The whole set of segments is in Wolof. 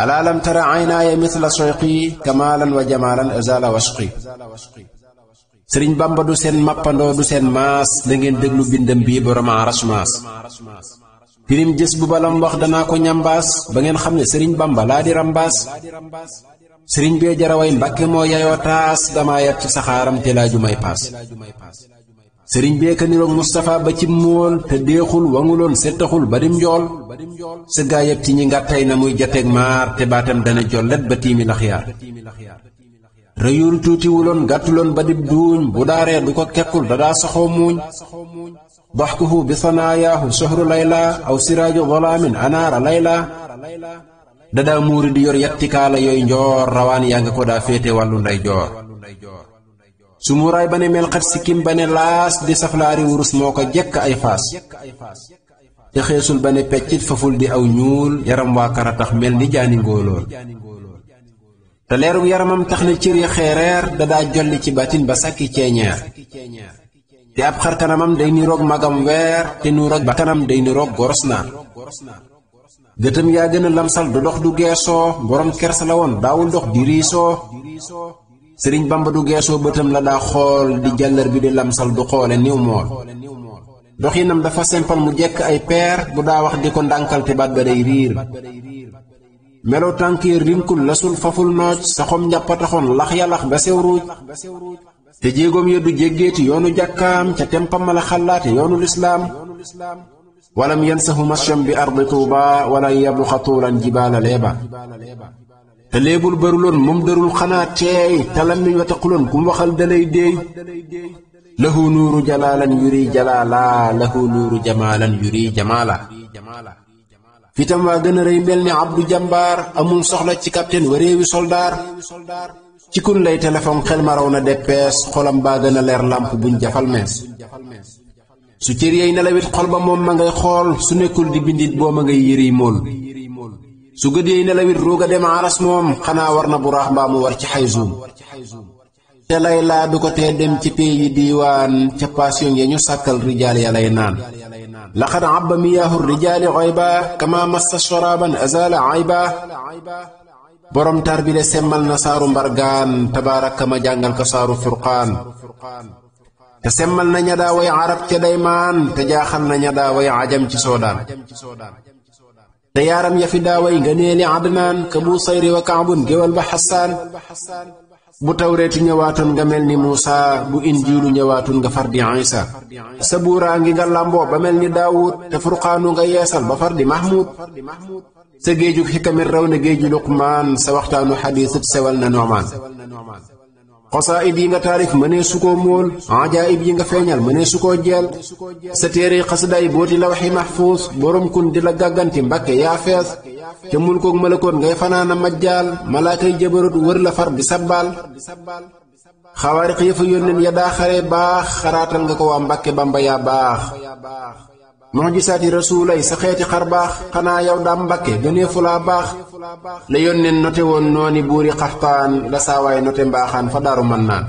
ألا لم تر عيناي مثل سويقي كمالا وجمالا أزال وشقي sëriñ bamba du seen mappandoo du seen maas da ngeen déglu bindam bii borom aras maas pirim jës bu balam wax danaa ko bamba laa di rambaas sëriñ bee jaraway mbàkke moo yayoo taas damaa yat sëriñ beeka niroog Moustapha ba ci móol te deexul wanguloon settaxul ba dim njool sa gaayab ci ñi nga tey na muy jateeg maar te baatam dana jollet ba tiimi laxyaar rëyul tuutiwuloon gàttuloon ba dib duuñ bu daaree du ko kekkul dadaa saxoo muuñ baxkuhu bi sanaayaahu soxru layla aw siraaju volaamin anaara layla dadaa muuri di yor yatti kaala yooyu njoor rawaan yaa nga ko daa féete wàllu nday joor su muraay ba ne melxat sikkim ba ne laas di saflaari wurus moo ko jekk ay faas te xeesul ba ne peccit faful di aw ñuul yaram waa kara tax mel ni jaani ngóolóor te leerug yaramam tax na cër ya xeereer da daa jolli ci batin ba sàkki ceeñeer te ab xar kanamam day niroog magam weer te nuuroog ba kanam day niroog goros naa gëtëm yaa gën a lamsal du dox du geesoo borom kersa la woon dox di riisoo sëriñ bamba du geesoo bëtam la daa xool di jàllar bi di lamsal du xoole niw mool nam dafa simple mu jekk ay peer bu daa wax di ko ndànkal te baat ba day riir melo tànkee rinkul lasul faful nooj saxom taxoon lax yalax ba sew ruuj te jéegoom ya du jéggeeti yoonu jàkkaam ca tempam la xalaate yoonu lislaam walam yansahu masyam bi ardi tuuba wala yabluxa tuulan jibaala leeba te léebul baruloon moom darul xanaa teey talami wataquloon ku mu waxal dalay déey lahu nuuru jalaalan yuri jalaala lahu nuuru jamaalan yuri jamaala fitam waa gën a rëy mel ni abdu jàmbaar amul soxla ci capitaine wa réewi soldaar ci kun lay téléphone xel ma raw na deppees xolam baa gën a leer làmp buñ jafal mees su cër yey nelawit xol ba moom ma ngay xool su nekkul di bindit boo ma ngay yëriy mool su gëddee nelawit roog a dem aras moom xanaa war na bu raax mbaa mu war ci xayzuum te lay laa du ko tee dem ci péeyi diiwaan ca passion ya ñu sàkkal rijaal ya lay naan laqad abba miyaahu rijaali ayba kama massa shoraban azala ayba borom tar bi de semmal na saaru mbargaan tabaaraka ma jàngal ko saaru furqaan te semmal na ña daa way arab ca daymaan te jaaxal na ña daa way ajam ci soodaan te yaaram ya fi daaway nga neeli adnaan ka buusayri wa kaabun géwal ba xasaan bu tawreeti ñëwaatoon nga mel ni muusa bu injiilu ñëwaatoon nga far di sa buuraa ngi nga làmboo ba mel ni daawud te furqaanu nga yeesal ba far di mahmud sa géejug xikamit raw na géeju luqmaan sa waxtaanu xadiisut sewal na noomaan xosaayib yi nga taarif mënee su koo móol ajaayib yi nga feeñal mënee su ko jeel sa téere xasidaay booti lawxi maxfuus borom kun di la gàgganti mbàkke yaa fees te mun koog malakoot ngay fanaana majjaal malaakay jabarut wër la far di sabbaal xawaariq yëfa yónneen ya daa xare baax xaraatal nga ko waa mbàkke bamba yaa baax moo gisaati rasuulay sa xeeti xar baax xanaa yow daam mbakke gëneefu laa baax la yónneen note woon nooni buuri xaxtaan la saawaay note mbaaxaan fa daaru mën naan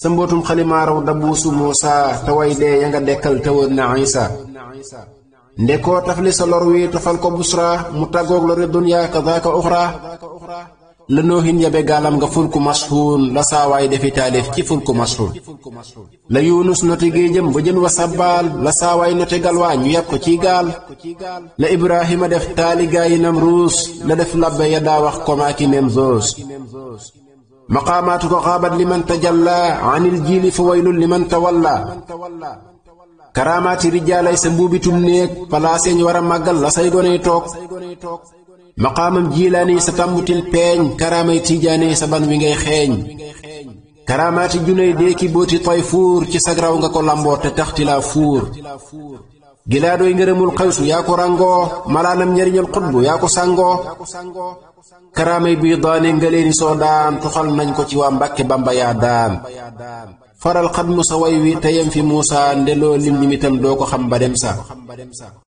sa mbootum xalimaaraw dabuusu muusa te way dee ya nga dekkal tëwoon na isa ndekoo tafli sa lor wi tofal ko busra mu tàggoog lori duniya kazaaka uxra la noohin yabe gaalam nga fulku mashuun la saawaay defi taalif ci fulku mashuun la yuunus note géejëm ba jën wa sabbaal la saawaay note galwaa ñu yàpp ko ciy gaal la ibrahima def taali gaayi nam ruus la def labbe ya daa wax komaaki nem zoos maqaamaatu ko xaabat li man tajallaa anil jiili fa waylun li man tawallaa karaamaati rijaalay sa mbuubitum néeg palaaseñ war a màggal la say goney toog maqaamam jiilaani sa tàmbutil peeñ karaamay tiijaani sa ban wi ngay xeeñ karaamaati junay déeki booti tay fuur ci sagraw nga ko lamboo te taxti laa fuur gilaadooy ngërëmul xawsu yaa ko ràngoo malaanam njariñal xutbu yaa ko sàngoo karaamay bii daane nga leeni soo daan tuxal nañ ko ci waa mbàkke bamba yaa daan faral xadmu sa way wi teyam fi muusa ndeloo lim limitam doo ko xam ba dem sa